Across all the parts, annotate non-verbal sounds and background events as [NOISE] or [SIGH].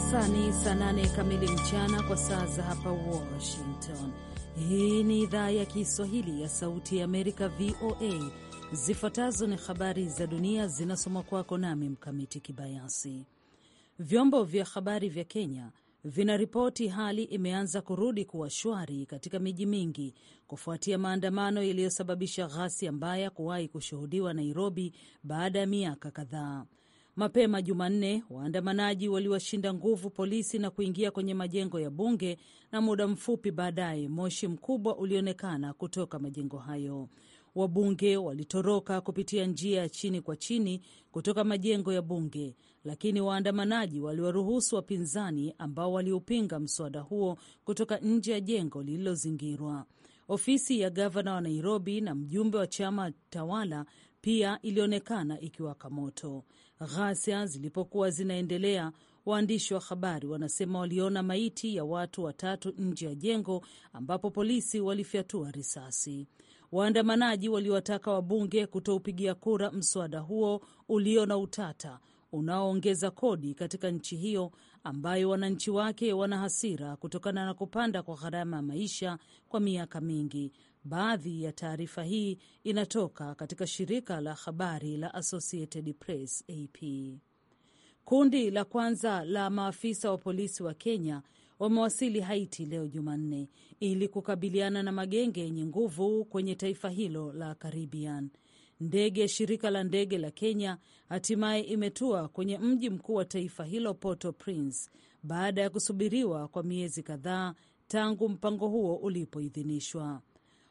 Sasa ni saa nane kamili mchana kwa saa za hapa Washington. Hii ni idhaa ya Kiswahili ya Sauti ya Amerika, VOA. Zifuatazo ni habari za dunia zinasoma kwako nami Mkamiti Kibayasi. Vyombo vya habari vya Kenya vinaripoti hali imeanza kurudi kuwa shwari katika miji mingi kufuatia maandamano yaliyosababisha ghasia mbaya kuwahi kushuhudiwa Nairobi baada ya miaka kadhaa. Mapema Jumanne, waandamanaji waliwashinda nguvu polisi na kuingia kwenye majengo ya bunge, na muda mfupi baadaye moshi mkubwa ulionekana kutoka majengo hayo. Wabunge walitoroka kupitia njia ya chini kwa chini kutoka majengo ya bunge, lakini waandamanaji waliwaruhusu wapinzani ambao waliupinga mswada huo kutoka nje ya jengo lililozingirwa. Ofisi ya gavana wa Nairobi na mjumbe wa chama tawala pia ilionekana ikiwaka moto. Ghasia zilipokuwa zinaendelea, waandishi wa habari wanasema waliona maiti ya watu watatu nje ya jengo ambapo polisi walifyatua risasi. Waandamanaji waliwataka wabunge kutoupigia kura mswada huo ulio na utata unaoongeza kodi katika nchi hiyo ambayo wananchi wake wana hasira kutokana na kupanda kwa gharama ya maisha kwa miaka mingi Baadhi ya taarifa hii inatoka katika shirika la habari la Associated Press AP. Kundi la kwanza la maafisa wa polisi wa Kenya wamewasili Haiti leo Jumanne ili kukabiliana na magenge yenye nguvu kwenye taifa hilo la Caribbean. Ndege ya shirika la ndege la Kenya hatimaye imetua kwenye mji mkuu wa taifa hilo Port-au-Prince baada ya kusubiriwa kwa miezi kadhaa tangu mpango huo ulipoidhinishwa.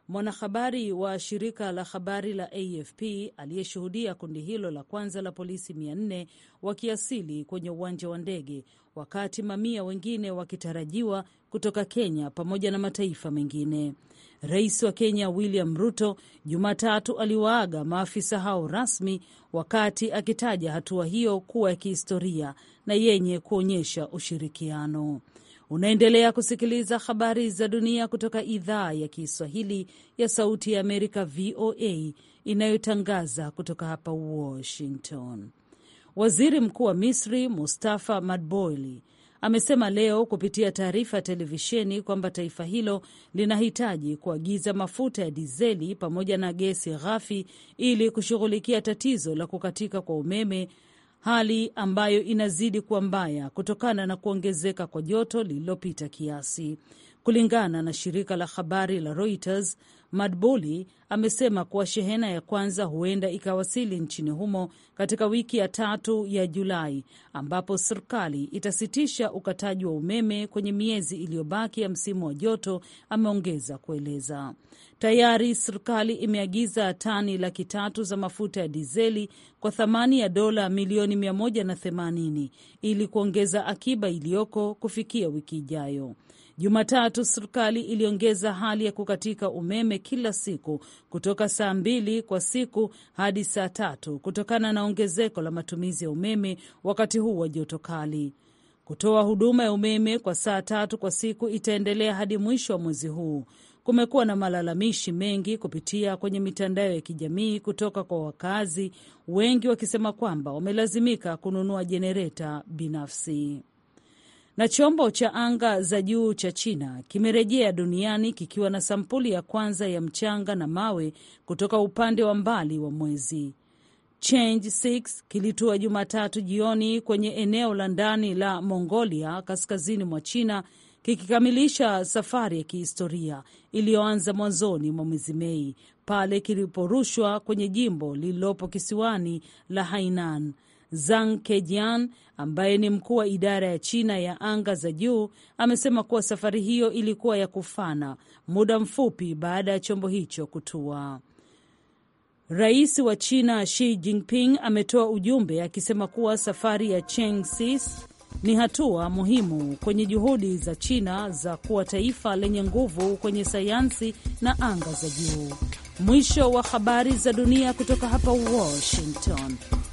Mwanahabari wa shirika la habari la AFP aliyeshuhudia kundi hilo la kwanza la polisi 400 wakiasili kwenye uwanja wa ndege, wakati mamia wengine wakitarajiwa kutoka Kenya pamoja na mataifa mengine. Rais wa Kenya William Ruto Jumatatu aliwaaga maafisa hao rasmi, wakati akitaja hatua hiyo kuwa ya kihistoria na yenye kuonyesha ushirikiano. Unaendelea kusikiliza habari za dunia kutoka idhaa ya Kiswahili ya Sauti ya Amerika, VOA, inayotangaza kutoka hapa Washington. Waziri Mkuu wa Misri Mustafa Madbouly amesema leo kupitia taarifa ya televisheni kwamba taifa hilo linahitaji kuagiza mafuta ya dizeli pamoja na gesi ghafi ili kushughulikia tatizo la kukatika kwa umeme hali ambayo inazidi kuwa mbaya kutokana na kuongezeka kwa joto lililopita kiasi. Kulingana na shirika la habari la Reuters, Madbuli amesema kuwa shehena ya kwanza huenda ikawasili nchini humo katika wiki ya tatu ya Julai, ambapo serikali itasitisha ukataji wa umeme kwenye miezi iliyobaki ya msimu wa joto. Ameongeza kueleza tayari serikali imeagiza tani laki tatu za mafuta ya dizeli kwa thamani ya dola milioni 180 ili kuongeza akiba iliyoko kufikia wiki ijayo. Jumatatu serikali iliongeza hali ya kukatika umeme kila siku kutoka saa mbili kwa siku hadi saa tatu kutokana na ongezeko la matumizi ya umeme wakati huu wa joto kali. Kutoa huduma ya umeme kwa saa tatu kwa siku itaendelea hadi mwisho wa mwezi huu. Kumekuwa na malalamishi mengi kupitia kwenye mitandao ya kijamii kutoka kwa wakazi wengi wakisema kwamba wamelazimika kununua jenereta binafsi na chombo cha anga za juu cha China kimerejea duniani kikiwa na sampuli ya kwanza ya mchanga na mawe kutoka upande wa mbali wa mwezi. Change 6 kilitua Jumatatu jioni kwenye eneo la ndani la Mongolia kaskazini mwa China kikikamilisha safari ya kihistoria iliyoanza mwanzoni mwa mwezi Mei pale kiliporushwa kwenye jimbo lililopo kisiwani la Hainan Zhang Kejian ambaye ni mkuu wa idara ya China ya anga za juu amesema kuwa safari hiyo ilikuwa ya kufana muda mfupi baada ya chombo hicho kutua. Rais wa China Xi Jinping ametoa ujumbe akisema kuwa safari ya Cheng Sis ni hatua muhimu kwenye juhudi za China za kuwa taifa lenye nguvu kwenye sayansi na anga za juu. Mwisho wa habari za dunia kutoka hapa Washington.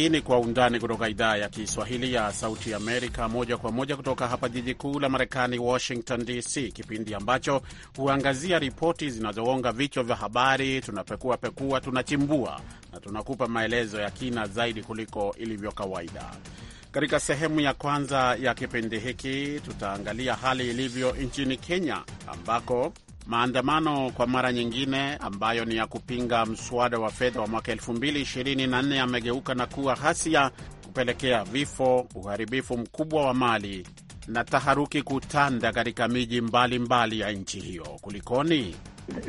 Hii ni Kwa Undani kutoka idhaa ya Kiswahili ya Sauti Amerika, moja kwa moja kutoka hapa jiji kuu la Marekani, Washington DC, kipindi ambacho huangazia ripoti zinazoonga vichwa vya habari. Tunapekua pekua, tunachimbua na tunakupa maelezo ya kina zaidi kuliko ilivyo kawaida. Katika sehemu ya kwanza ya kipindi hiki tutaangalia hali ilivyo nchini Kenya ambako Maandamano kwa mara nyingine ambayo ni ya kupinga mswada wa fedha wa mwaka 2024 yamegeuka na kuwa ghasia, kupelekea vifo, uharibifu mkubwa wa mali na taharuki kutanda katika miji mbalimbali ya nchi hiyo. Kulikoni?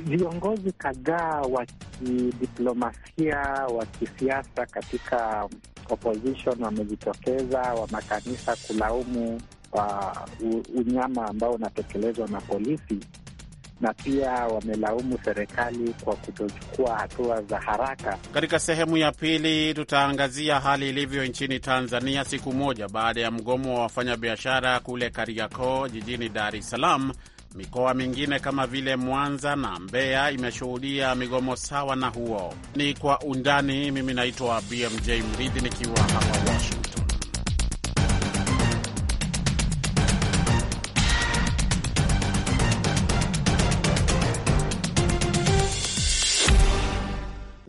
Viongozi kadhaa wa kidiplomasia wa kisiasa katika opposition wamejitokeza, wa makanisa kulaumu wa unyama ambao unatekelezwa na polisi na pia wamelaumu serikali kwa kutochukua hatua za haraka. Katika sehemu ya pili, tutaangazia hali ilivyo nchini Tanzania siku moja baada ya mgomo wa wafanyabiashara kule Kariakoo, jijini Dar es Salaam. Mikoa mingine kama vile Mwanza na Mbeya imeshuhudia migomo sawa na huo. Ni kwa undani. Mimi naitwa BMJ Mridhi nikiwa hapa Washington.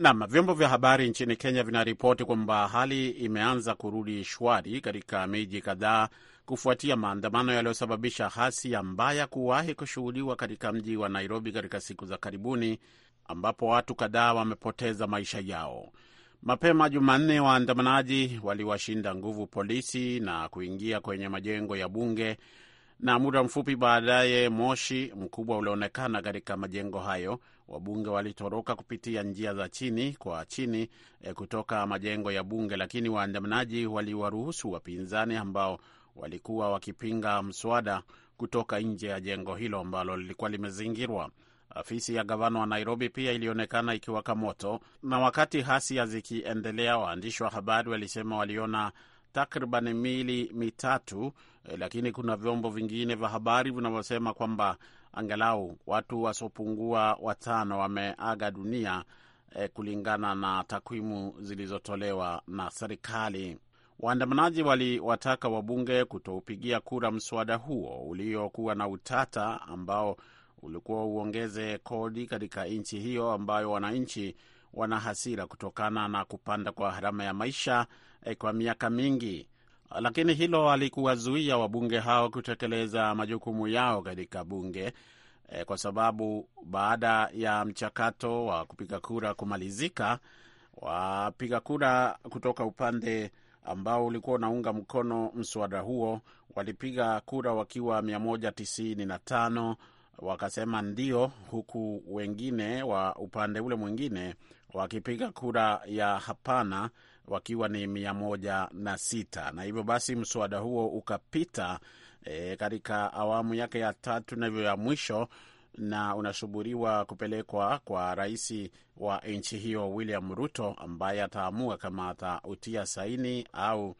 Nam, vyombo vya habari nchini Kenya vinaripoti kwamba hali imeanza kurudi shwari katika miji kadhaa kufuatia maandamano yaliyosababisha ya mbaya kuwahi kushuhudiwa katika mji wa Nairobi katika siku za karibuni, ambapo watu kadhaa wamepoteza maisha yao. Mapema Jumanne, waandamanaji waliwashinda nguvu polisi na kuingia kwenye majengo ya bunge, na muda mfupi baadaye moshi mkubwa ulionekana katika majengo hayo wabunge walitoroka kupitia njia za chini kwa chini e, kutoka majengo ya bunge, lakini waandamanaji waliwaruhusu wapinzani ambao walikuwa wakipinga mswada kutoka nje ya jengo hilo ambalo lilikuwa limezingirwa. Afisi ya gavana wa Nairobi pia ilionekana ikiwaka moto, na wakati hasia zikiendelea, waandishi wa habari walisema waliona takriban miili mitatu, eh, lakini kuna vyombo vingine vya habari vinavyosema kwamba angalau watu wasiopungua watano wameaga dunia eh, kulingana na takwimu zilizotolewa na serikali. Waandamanaji waliwataka wabunge kutoupigia kura mswada huo uliokuwa na utata ambao ulikuwa uongeze kodi katika nchi hiyo ambayo wananchi wana hasira kutokana na kupanda kwa gharama ya maisha eh, kwa miaka mingi lakini hilo halikuwazuia wabunge hao kutekeleza majukumu yao katika bunge e, kwa sababu baada ya mchakato wa kupiga kura kumalizika, wapiga kura kutoka upande ambao ulikuwa unaunga mkono mswada huo walipiga kura wakiwa 195 wakasema ndio, huku wengine wa upande ule mwingine wakipiga kura ya hapana wakiwa ni mia moja na sita na hivyo basi mswada huo ukapita e, katika awamu yake ya tatu na hivyo ya mwisho na unasubiriwa kupelekwa kwa rais wa nchi hiyo William Ruto, ambaye ataamua kama atautia saini au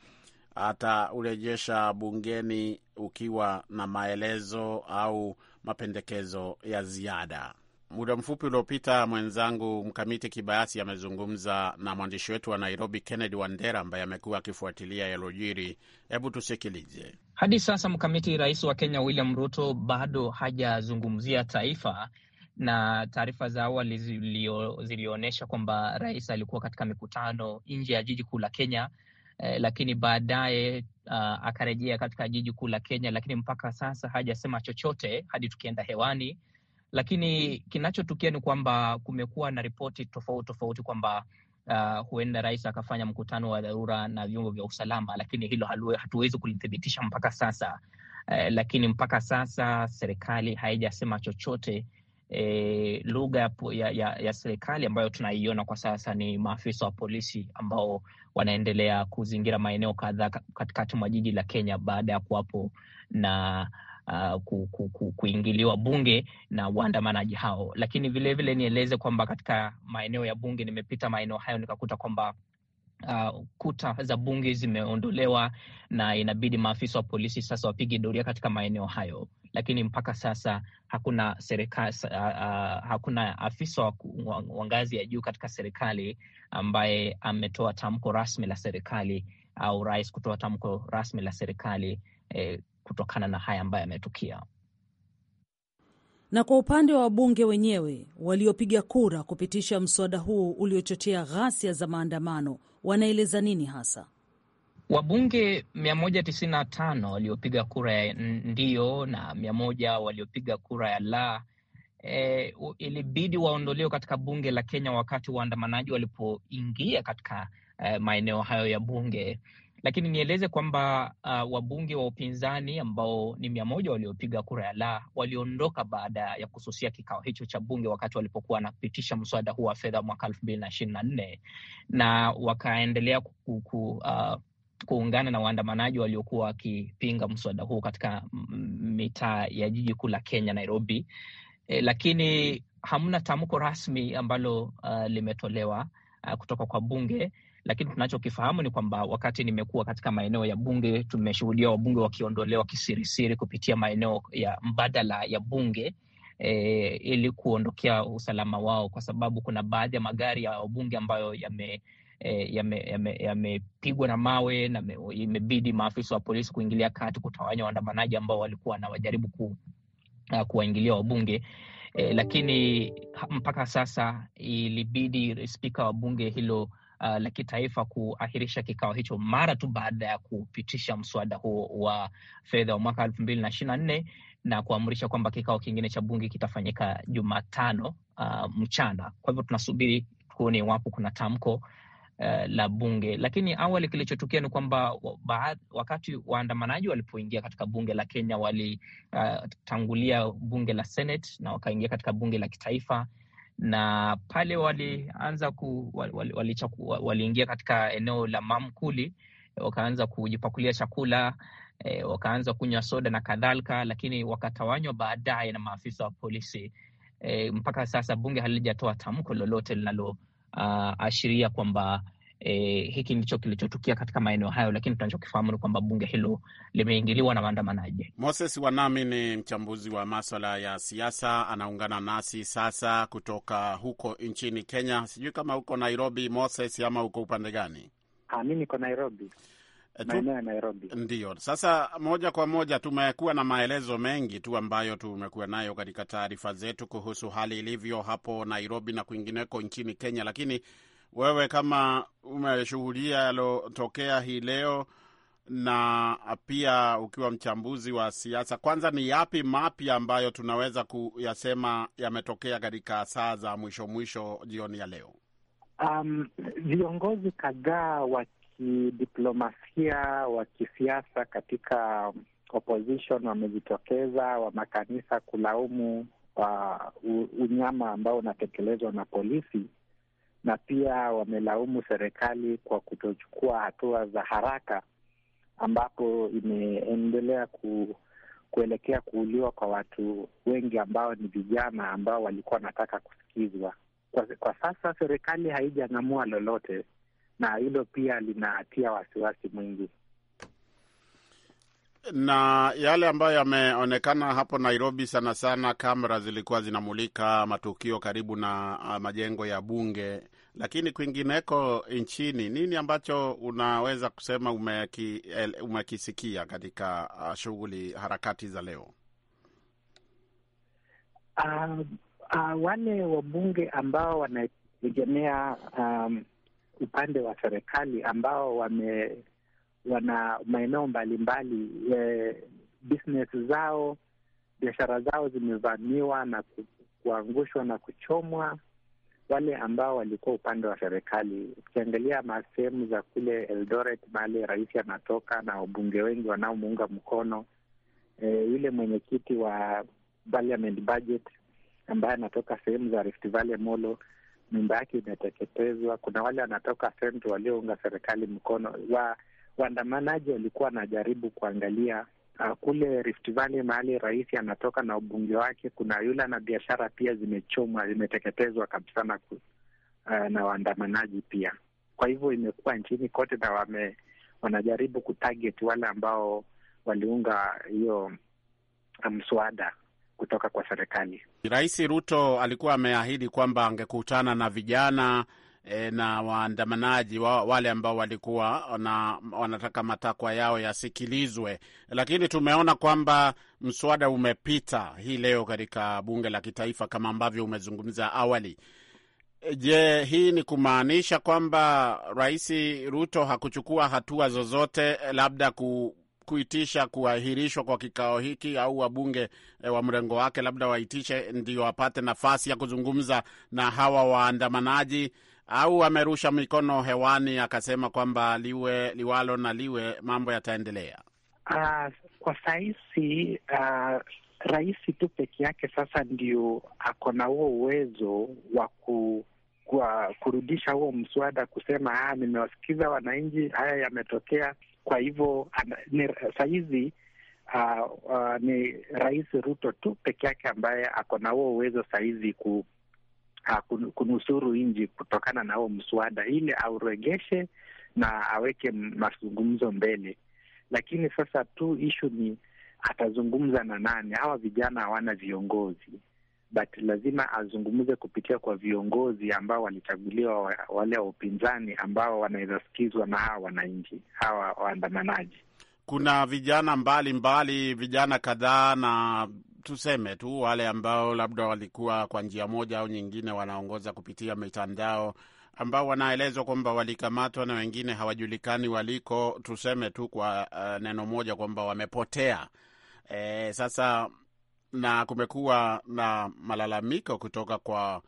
ataurejesha bungeni ukiwa na maelezo au mapendekezo ya ziada muda mfupi uliopita mwenzangu Mkamiti Kibayasi amezungumza na mwandishi wetu wa Nairobi, Kennedy Wandera, ambaye amekuwa akifuatilia yalojiri. Hebu tusikilize. Hadi sasa, Mkamiti, rais wa Kenya William Ruto bado hajazungumzia taifa, na taarifa za awali zilionyesha kwamba rais alikuwa katika mikutano nje ya jiji kuu la Kenya eh, lakini baadaye uh, akarejea katika jiji kuu la Kenya, lakini mpaka sasa hajasema chochote hadi tukienda hewani lakini mhm. kinachotukia ni kwamba kumekuwa na ripoti tofauti tofauti kwamba uh, huenda rais akafanya mkutano wa dharura na vyombo vya usalama, lakini hilo hatuwezi kulithibitisha mpaka sasa. Uh, lakini mpaka sasa serikali haijasema chochote. E, lugha ya, ya, ya serikali ambayo tunaiona kwa sasa ni maafisa wa polisi ambao wanaendelea kuzingira maeneo kadhaa katikati mwa jiji la Kenya baada ya kuwapo na uh, ku, kuingiliwa bunge na waandamanaji hao. Lakini vilevile nieleze kwamba katika maeneo ya bunge, nimepita maeneo hayo nikakuta kwamba Uh, kuta za bunge zimeondolewa na inabidi maafisa wa polisi sasa wapige doria katika maeneo hayo, lakini mpaka sasa hakuna serikali, uh, uh, hakuna afisa wa ngazi ya juu katika serikali ambaye ametoa tamko rasmi la serikali au rais kutoa tamko rasmi la serikali eh, kutokana na haya ambayo yametukia. Na kwa upande wa wabunge wenyewe waliopiga kura kupitisha mswada huu uliochochea ghasia za maandamano wanaeleza nini hasa? Wabunge 195 waliopiga kura ya ndio na 100 waliopiga kura ya la E, ilibidi waondolewe katika bunge la Kenya wakati waandamanaji walipoingia katika e, maeneo hayo ya bunge lakini nieleze kwamba uh, wabunge wa upinzani ambao ni mia moja waliopiga kura ya la waliondoka baada ya kususia kikao hicho cha bunge wakati walipokuwa wanapitisha mswada huu wa fedha mwaka elfu mbili na ishirini na nne na wakaendelea uh, kuungana na waandamanaji waliokuwa wakipinga mswada huu katika mitaa ya jiji kuu la Kenya, Nairobi. E, lakini mm-hmm. hamna tamko rasmi ambalo uh, limetolewa uh, kutoka kwa bunge lakini tunachokifahamu ni kwamba wakati nimekuwa katika maeneo ya bunge, tumeshuhudia wabunge wakiondolewa kisirisiri kupitia maeneo ya mbadala ya bunge. E, ili kuondokea usalama wao, kwa sababu kuna baadhi ya magari ya wabunge ambayo yame yamepigwa eh, yame, yame na mawe na imebidi maafisa wa polisi kuingilia kati kutawanya waandamanaji ambao walikuwa wanawajaribu ku, uh, kuwaingilia wabunge eh, lakini mpaka sasa ilibidi spika wa bunge hilo uh, la kitaifa kuahirisha kikao hicho mara tu baada ya kupitisha mswada huo wa fedha wa mwaka elfu mbili na ishirini na nne na kuamrisha kwamba kikao kingine cha bunge kitafanyika Jumatano uh, mchana. Kwa hivyo tunasubiri kuona iwapo kuna tamko Uh, la bunge. Lakini awali kilichotokea ni kwamba wakati waandamanaji walipoingia katika bunge la Kenya walitangulia uh, bunge la Senate na wakaingia katika bunge la kitaifa na pale walianza ku waliingia wali, wali katika eneo la mamkuli, wakaanza kujipakulia chakula e, wakaanza kunywa soda na kadhalika, lakini wakatawanywa baadaye na maafisa wa polisi e, mpaka sasa bunge halijatoa tamko lolote linaloashiria kwamba e, hiki ndicho kilichotukia katika maeneo hayo, lakini tunachokifahamu ni kwamba bunge hilo limeingiliwa na waandamanaji. Moses Wanami ni mchambuzi wa maswala ya siasa, anaungana nasi sasa kutoka huko nchini Kenya. Sijui kama uko Nairobi Moses, ama uko upande gani? Ah, Mi niko Nairobi. Eh, maeneo Sasa moja kwa moja, tumekuwa na maelezo mengi tu ambayo tumekuwa nayo katika taarifa zetu kuhusu hali ilivyo hapo Nairobi na kwingineko nchini Kenya, lakini wewe kama umeshuhudia yalotokea hii leo na pia ukiwa mchambuzi wa siasa, kwanza ni yapi mapya ambayo tunaweza kuyasema yametokea katika saa za mwisho mwisho jioni ya leo? Um, viongozi kadhaa wa kidiplomasia wa kisiasa katika opposition wamejitokeza, wa makanisa kulaumu wa uh, unyama ambao unatekelezwa na polisi na pia wamelaumu serikali kwa kutochukua hatua za haraka ambapo imeendelea ku, kuelekea kuuliwa kwa watu wengi ambao ni vijana ambao walikuwa wanataka kusikizwa. Kwa, kwa sasa serikali haijang'amua lolote, na hilo pia linatia wasiwasi mwingi na yale ambayo yameonekana hapo Nairobi, sana sana kamera zilikuwa zinamulika matukio karibu na uh, majengo ya bunge, lakini kwingineko nchini, nini ambacho unaweza kusema eh, umekisikia katika uh, shughuli, harakati za leo? Uh, uh, wale wabunge ambao wanategemea um, upande wa serikali ambao wame wana maeneo mbalimbali e, business zao, biashara zao zimevamiwa na ku, kuangushwa na kuchomwa. Wale ambao walikuwa upande wa serikali, ukiangalia sehemu za kule Eldoret mahali rais anatoka na wabunge wengi wanaomuunga mkono e, yule mwenyekiti wa Parliament Budget ambaye anatoka sehemu za Rift Valley Molo, nyumba yake imeteketezwa. Kuna wale wanatoka sent waliounga serikali mkono wa waandamanaji walikuwa wanajaribu kuangalia uh, kule Rift Valley mahali rais anatoka na ubunge wake, kuna yule na biashara pia zimechomwa zimeteketezwa kabisa na uh, na waandamanaji pia. Kwa hivyo imekuwa nchini kote na wame, wanajaribu kutarget wale ambao waliunga hiyo ah, mswada kutoka kwa serikali. Rais Ruto alikuwa ameahidi kwamba angekutana na vijana e, na waandamanaji wa, wale ambao walikuwa na, wanataka matakwa yao yasikilizwe, lakini tumeona kwamba mswada umepita hii leo katika bunge la kitaifa kama ambavyo umezungumza awali. E, je, hii ni kumaanisha kwamba Rais Ruto hakuchukua hatua zozote, labda ku, kuitisha kuahirishwa kwa kikao hiki au wabunge e, wa mrengo wake labda waitishe ndio wapate nafasi ya kuzungumza na hawa waandamanaji au amerusha mikono hewani akasema kwamba liwe liwalo na liwe mambo yataendelea? Uh, kwa saisi uh, ah, rais tu peke yake sasa ndio ako na huo uwezo wa ku kwa kurudisha huo mswada kusema, ah, nimewasikiza wananchi, haya yametokea. Kwa hivyo sahizi uh, ah, uh, ni rais Ruto tu peke yake ambaye ako na huo uwezo sahizi ku, Uh, kunusuru nji kutokana na huo mswada, ili auregeshe na aweke mazungumzo mbele. Lakini sasa tu ishu ni atazungumza na nani? Hawa vijana hawana viongozi, but lazima azungumze kupitia kwa viongozi ambao walichaguliwa, wale wa upinzani ambao wanaweza sikizwa na hawa wananchi, hawa waandamanaji. Kuna vijana mbalimbali mbali, vijana kadhaa na tuseme tu wale ambao labda walikuwa kwa njia moja au nyingine wanaongoza kupitia mitandao ambao wanaelezwa kwamba walikamatwa na wengine hawajulikani waliko, tuseme tu kwa uh, neno moja kwamba wamepotea. E, sasa na kumekuwa na malalamiko kutoka kwa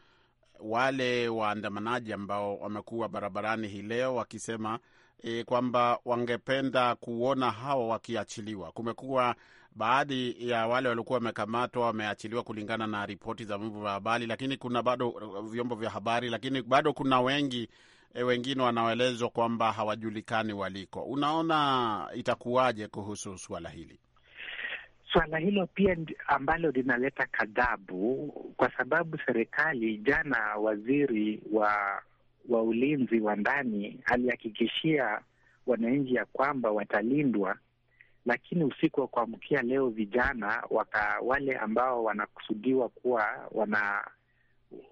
wale waandamanaji ambao wamekuwa barabarani hii leo wakisema e, kwamba wangependa kuona hawa wakiachiliwa. Kumekuwa baadhi ya wale waliokuwa wamekamatwa wameachiliwa kulingana na ripoti za vyombo vya habari, lakini kuna bado uh, vyombo vya habari, lakini bado kuna wengi e, wengine wanaoelezwa kwamba hawajulikani waliko. Unaona itakuwaje kuhusu suala hili? Swala hilo pia ambalo linaleta kadhabu, kwa sababu serikali jana, waziri wa wa ulinzi wa ndani alihakikishia wananchi ya kwamba watalindwa lakini usiku wa kuamkia leo vijana waka, wale ambao wanakusudiwa kuwa wana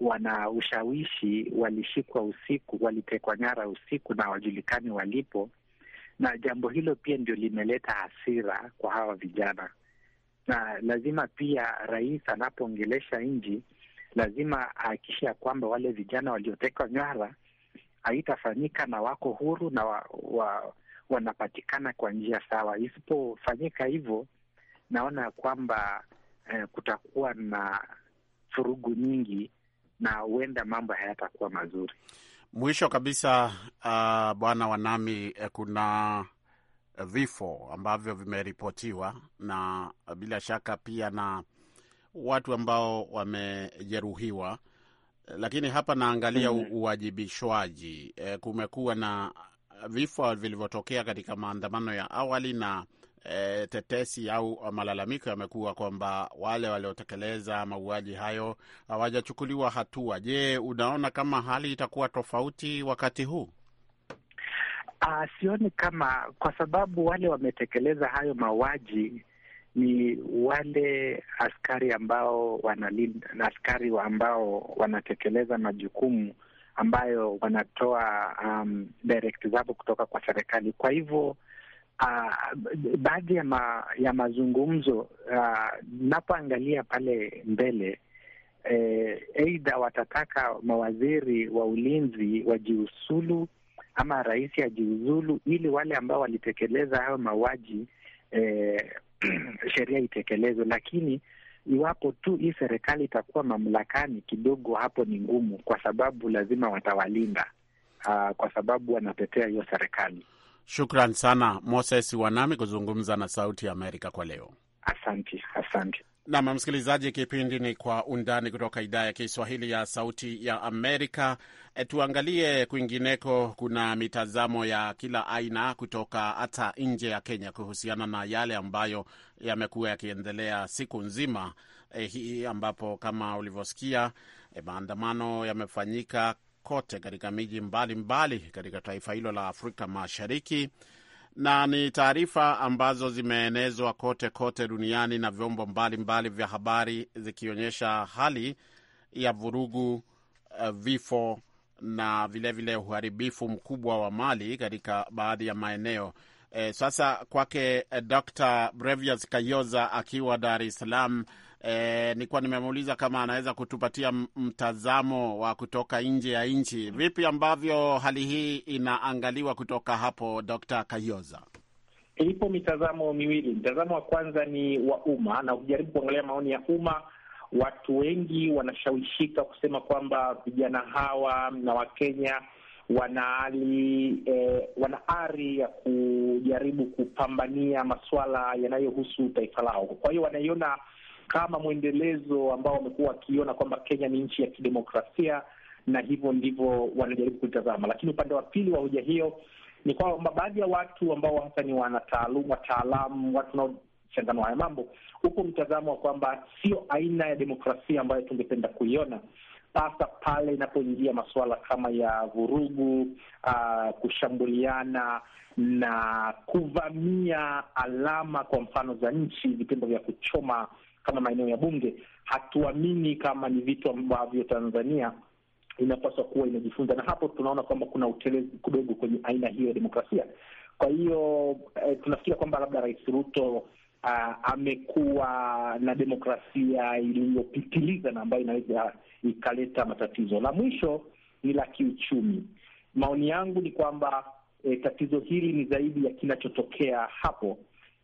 wana ushawishi walishikwa usiku, walitekwa nyara usiku na wajulikani walipo, na jambo hilo pia ndio limeleta hasira kwa hawa vijana, na lazima pia rais anapoongelesha nchi lazima ahakikisha ya kwamba wale vijana waliotekwa nyara haitafanyika na wako huru na wa, wa, wanapatikana kwa njia sawa. Isipofanyika hivyo, naona kwamba eh, kutakuwa na furugu nyingi na huenda mambo hayatakuwa mazuri. Mwisho kabisa, uh, bwana Wanami, eh, kuna vifo ambavyo vimeripotiwa na bila shaka pia na watu ambao wamejeruhiwa, lakini hapa naangalia mm -hmm. uwajibishwaji. E, kumekuwa na vifo vilivyotokea katika maandamano ya awali na e, tetesi au malalamiko yamekuwa kwamba wale waliotekeleza mauaji hayo hawajachukuliwa hatua. Je, unaona kama hali itakuwa tofauti wakati huu? Uh, sioni kama, kwa sababu wale wametekeleza hayo mauaji ni wale askari ambao wanalinda, askari ambao wanatekeleza majukumu ambayo wanatoa um, direct zabo kutoka kwa serikali. Kwa hivyo uh, baadhi ya, ma, ya mazungumzo uh, napoangalia uh, pale mbele eh, eidha watataka mawaziri wa ulinzi jiusulu ama rais ajiuzulu ili wale ambao walitekeleza hayo mauaji eh, [CLEARS THROAT] sheria itekelezwe, lakini Iwapo tu hii serikali itakuwa mamlakani, kidogo hapo ni ngumu, kwa sababu lazima watawalinda uh, kwa sababu wanatetea hiyo serikali. Shukran sana Moses Wanami kuzungumza na Sauti ya Amerika kwa leo. Asante, asante. Nam msikilizaji, kipindi ni Kwa Undani kutoka idhaa ya Kiswahili ya Sauti ya Amerika. E, tuangalie kwingineko. Kuna mitazamo ya kila aina kutoka hata nje ya Kenya kuhusiana na yale ambayo yamekuwa yakiendelea siku nzima e, hii ambapo kama ulivyosikia e, maandamano yamefanyika kote katika miji mbalimbali katika taifa hilo la Afrika Mashariki na ni taarifa ambazo zimeenezwa kote kote duniani na vyombo mbalimbali vya habari zikionyesha hali ya vurugu, uh, vifo na vilevile vile uharibifu mkubwa wa mali katika baadhi ya maeneo. E, sasa kwake eh, Dr. Brevius Kayoza akiwa Dar es Salaam E, nilikuwa nimemuuliza kama anaweza kutupatia mtazamo wa kutoka nje ya nchi, vipi ambavyo hali hii inaangaliwa kutoka hapo, Dr. Kayoza? Ipo mitazamo miwili. Mtazamo wa kwanza ni wa umma, na ukijaribu kuangalia maoni ya umma, watu wengi wanashawishika kusema kwamba vijana hawa na Wakenya wana eh, wana ari ya kujaribu kupambania masuala yanayohusu taifa lao, kwa hiyo wanaiona kama mwendelezo ambao wamekuwa wakiona kwamba Kenya ni nchi ya kidemokrasia na hivyo ndivyo wanajaribu kulitazama. Lakini upande wa pili wa hoja hiyo ni kwamba baadhi ya watu ambao hasa ni wanataalum, wataalamu, watu wanaochanganua haya mambo, hupo mtazamo wa kwamba sio aina ya demokrasia ambayo tungependa kuiona hasa pale inapoingia masuala kama ya vurugu, uh, kushambuliana na kuvamia alama, kwa mfano za nchi, vitendo vya kuchoma kama maeneo ya bunge, hatuamini kama ni vitu ambavyo Tanzania inapaswa kuwa inajifunza, na hapo tunaona kwamba kuna utelezi kidogo kwenye aina hiyo ya demokrasia. Kwa hiyo eh, tunafikiria kwamba labda Rais Ruto Uh, amekuwa na demokrasia iliyopitiliza na ambayo inaweza ikaleta matatizo. La mwisho ni la kiuchumi. Maoni yangu ni kwamba eh, tatizo hili ni zaidi ya kinachotokea hapo,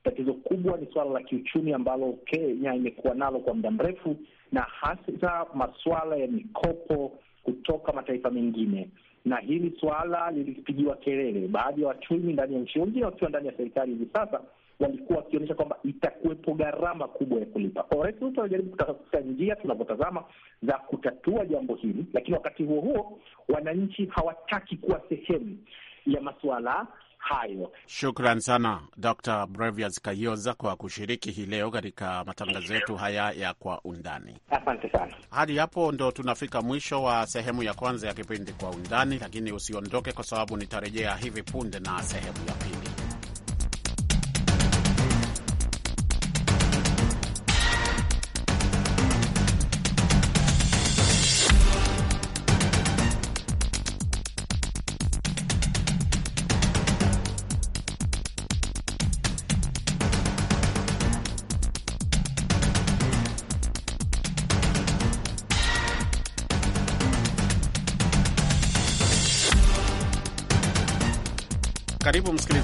Tatizo kubwa ni suala la kiuchumi ambalo Kenya imekuwa nalo kwa muda mrefu, na hasa masuala ya mikopo kutoka mataifa mengine. Na hili suala lilipigiwa kelele, baadhi ya wachumi ndani ya nchi, wengine wakiwa ndani ya serikali hivi sasa, walikuwa wakionyesha kwamba itakuwepo gharama kubwa ya kulipa. Kwa Rais Ruto anajaribu kutafuta njia, tunavyotazama, za kutatua jambo hili, lakini wakati huo huo wananchi hawataki kuwa sehemu ya masuala hayo. Shukran sana Dr. Brevias Kayoza kwa kushiriki hii leo katika matangazo yetu haya ya kwa undani. Asante sana. Hadi hapo ndo tunafika mwisho wa sehemu ya kwanza ya kipindi kwa undani, lakini usiondoke, kwa sababu nitarejea hivi punde na sehemu ya pili.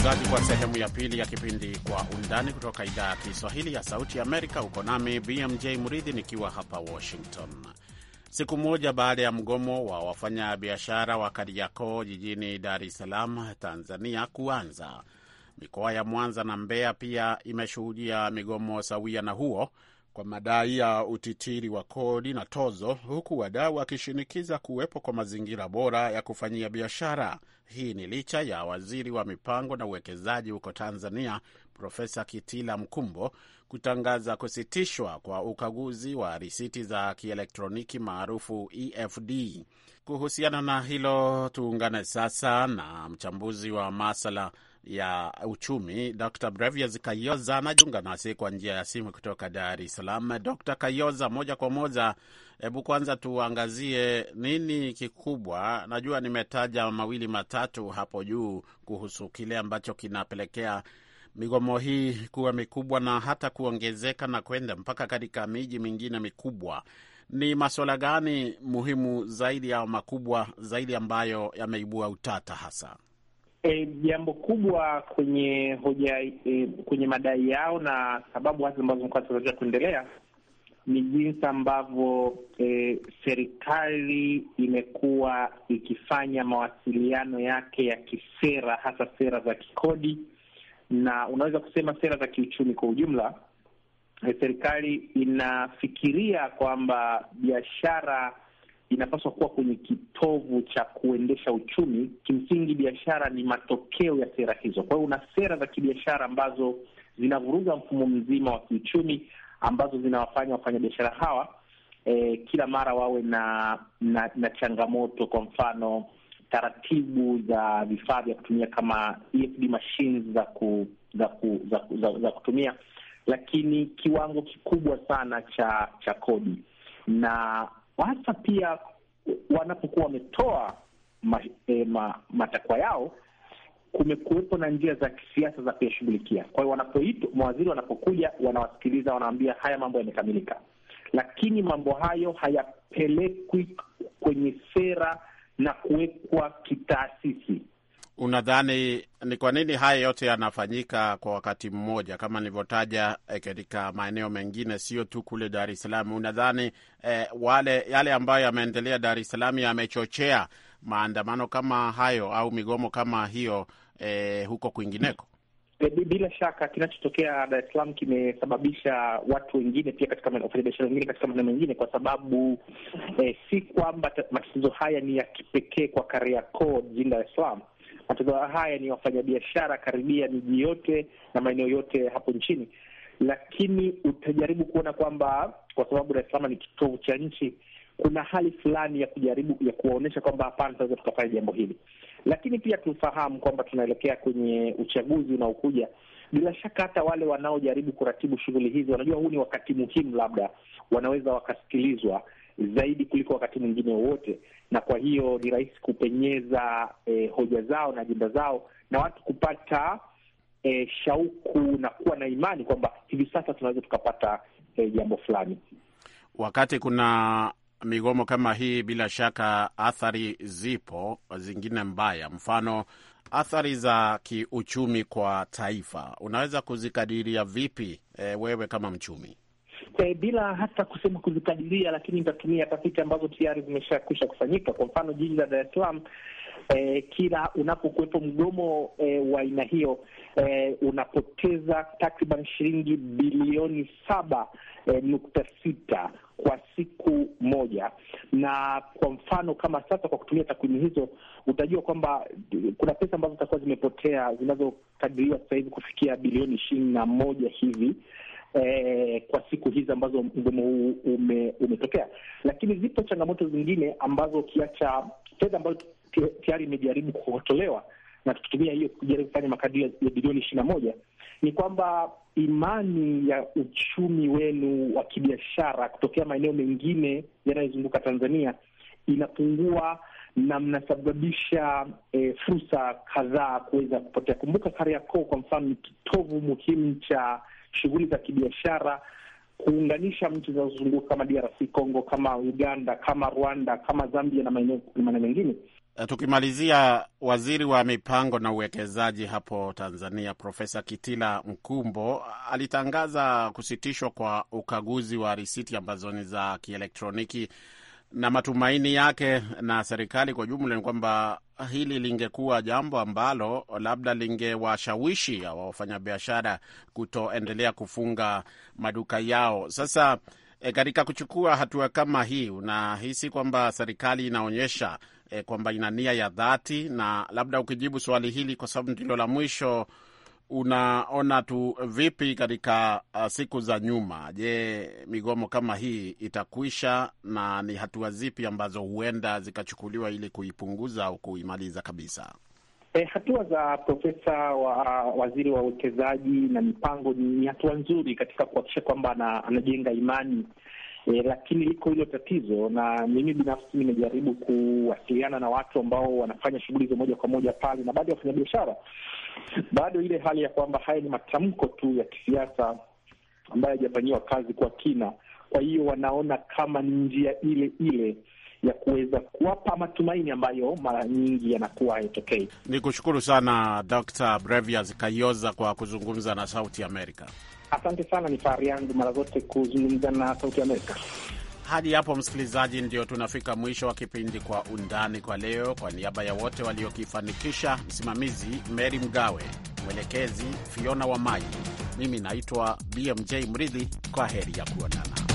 msikilizaji, kwa sehemu ya pili ya kipindi Kwa Undani kutoka idhaa ya Kiswahili ya Sauti Amerika. Uko nami BMJ Mridhi nikiwa hapa Washington. Siku moja baada ya mgomo wa wafanyabiashara wa Kariakoo jijini Dar es Salaam, Tanzania kuanza, mikoa ya Mwanza na Mbeya pia imeshuhudia migomo sawia na huo kwa madai ya utitiri wa kodi na tozo, huku wadau wakishinikiza kuwepo kwa mazingira bora ya kufanyia biashara. Hii ni licha ya waziri wa mipango na uwekezaji huko Tanzania, Profesa Kitila Mkumbo kutangaza kusitishwa kwa ukaguzi wa risiti za kielektroniki maarufu EFD. Kuhusiana na hilo, tuungane sasa na mchambuzi wa masala ya uchumi, Dr Brevius Kayoza anajiunga nasi kwa njia ya simu kutoka Dar es Salaam. Dr Kayoza, moja kwa moja, hebu kwanza tuangazie nini kikubwa. Najua nimetaja mawili matatu hapo juu kuhusu kile ambacho kinapelekea migomo hii kuwa mikubwa na hata kuongezeka na kwenda mpaka katika miji mingine mikubwa. Ni masuala gani muhimu zaidi au makubwa zaidi ambayo yameibua utata hasa? E, jambo e, kubwa kwenye hoja e, kwenye madai yao na sababu hasa ambazo mkoa zinatarajiwa kuendelea ni jinsi ambavyo e, serikali imekuwa ikifanya mawasiliano yake ya kisera, hasa sera za kikodi na unaweza kusema sera za kiuchumi kwa ujumla. E, serikali inafikiria kwamba biashara inapaswa kuwa kwenye kitovu cha kuendesha uchumi. Kimsingi, biashara ni matokeo ya sera hizo. Kwa hiyo una sera za kibiashara ambazo zinavuruga mfumo mzima wa kiuchumi, ambazo zinawafanya wafanyabiashara hawa eh, kila mara wawe na, na na changamoto. Kwa mfano, taratibu za vifaa vya kutumia kama EFD machines za ku, za, ku, za, za, za kutumia, lakini kiwango kikubwa sana cha cha kodi na hasa pia wanapokuwa wametoa ma, e, ma, matakwa yao, kumekuwepo na njia za kisiasa za kuyashughulikia. Kwa hiyo wanapoitwa mawaziri, wanapokuja wanawasikiliza, wanawaambia haya mambo yamekamilika, lakini mambo hayo hayapelekwi kwenye sera na kuwekwa kitaasisi unadhani ni kwa nini haya yote yanafanyika kwa wakati mmoja, kama nilivyotaja eh, katika maeneo mengine, sio tu kule Dar es Salaam? Unadhani eh, wale yale ambayo yameendelea Dar es Salaam yamechochea maandamano kama hayo au migomo kama hiyo eh, huko kwingineko? Bila shaka kinachotokea Dar es Salaam kimesababisha watu wengine pia katika wafanyabiashara wengine katika maeneo mengine, kwa sababu eh, si kwamba matatizo haya ni ya kipekee kwa Kariakoo jijini Dar es Salaam Matokeo haya ni wafanyabiashara karibia miji yote na maeneo yote hapo nchini, lakini utajaribu kuona kwamba kwa sababu Dar es Salaam ni kitovu cha nchi, kuna hali fulani ya kujaribu ya kuwaonyesha kwamba hapana, tunaweza tukafanya jambo hili. Lakini pia tufahamu kwamba tunaelekea kwenye uchaguzi unaokuja. Bila shaka hata wale wanaojaribu kuratibu shughuli hizi wanajua huu ni wakati muhimu, labda wanaweza wakasikilizwa zaidi kuliko wakati mwingine wowote, na kwa hiyo ni rahisi kupenyeza eh, hoja zao na ajenda zao na watu kupata eh, shauku na kuwa na imani kwamba hivi sasa tunaweza tukapata eh, jambo fulani. Wakati kuna migomo kama hii, bila shaka athari zipo zingine mbaya, mfano athari za kiuchumi kwa taifa. Unaweza kuzikadiria vipi, eh, wewe kama mchumi? e, bila hata kusema kuzikadiria, lakini nitatumia tafiti ambazo tayari zimeshakwisha kufanyika. Kwa mfano jiji la Dar es Salaam e, kila unapokuwepo mgomo e, eh, wa aina hiyo e, unapoteza takriban shilingi bilioni saba e, nukta sita kwa siku moja. Na kwa mfano kama sasa, kwa kutumia takwimu hizo, utajua kwamba kuna pesa ambazo zitakuwa zimepotea zinazokadiriwa sasa hivi kufikia bilioni ishirini na moja hivi eh, kwa siku hizi ambazo mgomo huu ume, umetokea. Lakini zipo changamoto zingine ambazo ukiacha fedha ambazo tayari imejaribu kuotolewa na tukitumia hiyo kujaribu kufanya makadirio ya bilioni ishirini na moja ni kwamba imani ya uchumi wenu wa kibiashara kutokea maeneo mengine yanayozunguka Tanzania inapungua na mnasababisha e, fursa kadhaa kuweza kupotea. Kumbuka, Kariakoo kwa mfano ni kitovu muhimu cha shughuli za kibiashara, kuunganisha nchi zinazozunguka kama DRC Congo, kama Uganda, kama Rwanda, kama Zambia na maeneo mengine. Eh, tukimalizia, waziri wa mipango na uwekezaji hapo Tanzania Profesa Kitila Mkumbo alitangaza kusitishwa kwa ukaguzi wa risiti ambazo ni za kielektroniki na matumaini yake na serikali kwa jumla ni kwamba hili lingekuwa jambo ambalo labda lingewashawishi hawa wafanyabiashara kutoendelea kufunga maduka yao. Sasa e, katika kuchukua hatua kama hii, unahisi kwamba serikali inaonyesha e, kwamba ina nia ya dhati? Na labda ukijibu swali hili, kwa sababu ndilo la mwisho unaona tu vipi katika uh, siku za nyuma? Je, migomo kama hii itakwisha na ni hatua zipi ambazo huenda zikachukuliwa ili kuipunguza au kuimaliza kabisa? E, hatua za profesa wa uh, waziri wa uwekezaji na mipango ni hatua nzuri katika kuhakikisha kwamba anajenga imani e, lakini liko hilo tatizo, na mimi binafsi nimejaribu kuwasiliana na watu ambao wanafanya shughuli za moja kwa moja pale na baadhi ya wafanyabiashara bado ile hali ya kwamba haya ni matamko tu ya kisiasa ambayo hajafanyiwa kazi kwa kina. Kwa hiyo wanaona kama ni njia ile ile ya kuweza kuwapa matumaini ambayo mara nyingi yanakuwa hayatokei. Ni kushukuru sana Dr. Brevias Kayoza kwa kuzungumza na Sauti Amerika. Asante sana, ni fahari yangu mara zote kuzungumza na Sauti Amerika. Hadi hapo msikilizaji, ndio tunafika mwisho wa kipindi Kwa Undani kwa leo. Kwa niaba ya wote waliokifanikisha, msimamizi Meri Mgawe, mwelekezi Fiona wa mai mimi naitwa BMJ Mridhi. Kwa heri ya kuonana.